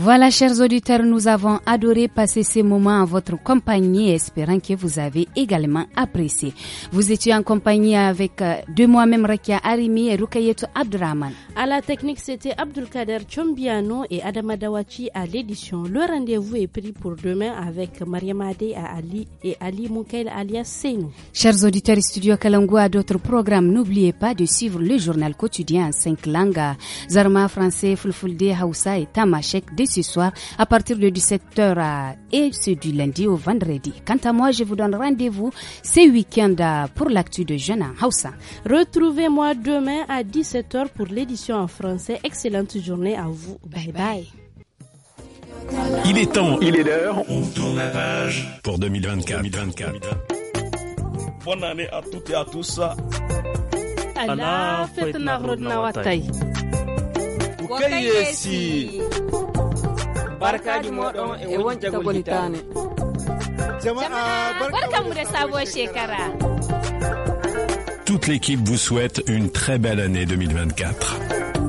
Voilà, chers auditeurs, nous avons adoré passer ces moments en votre compagnie, espérant que vous avez également apprécié. Vous étiez en compagnie avec euh, deux mois même Rakia Arimi et Rukayeto Abdraman. À la technique, c'était Abdulkader Chombiano et Adama Dawachi à l'édition. Le rendez-vous est pris pour demain avec Mariam à Ali et Ali Moukail alias Seynou. Chers auditeurs, Studio Kalangua, a d'autres programmes. N'oubliez pas de suivre le journal quotidien en cinq langues, Zarma français, Fulfulde, Hausa et Tamashek ce soir à partir de 17h et ce du lundi au vendredi. Quant à moi, je vous donne rendez-vous ce week-end pour l'actu de Jeune en Hausa. Retrouvez-moi demain à 17h pour l'édition en français. Excellente journée à vous. Bye bye. Il est temps, il est l'heure. On tourne la page pour 2024. Bonne année à toutes et à tous. Allah toute l'équipe vous souhaite une très belle année 2024.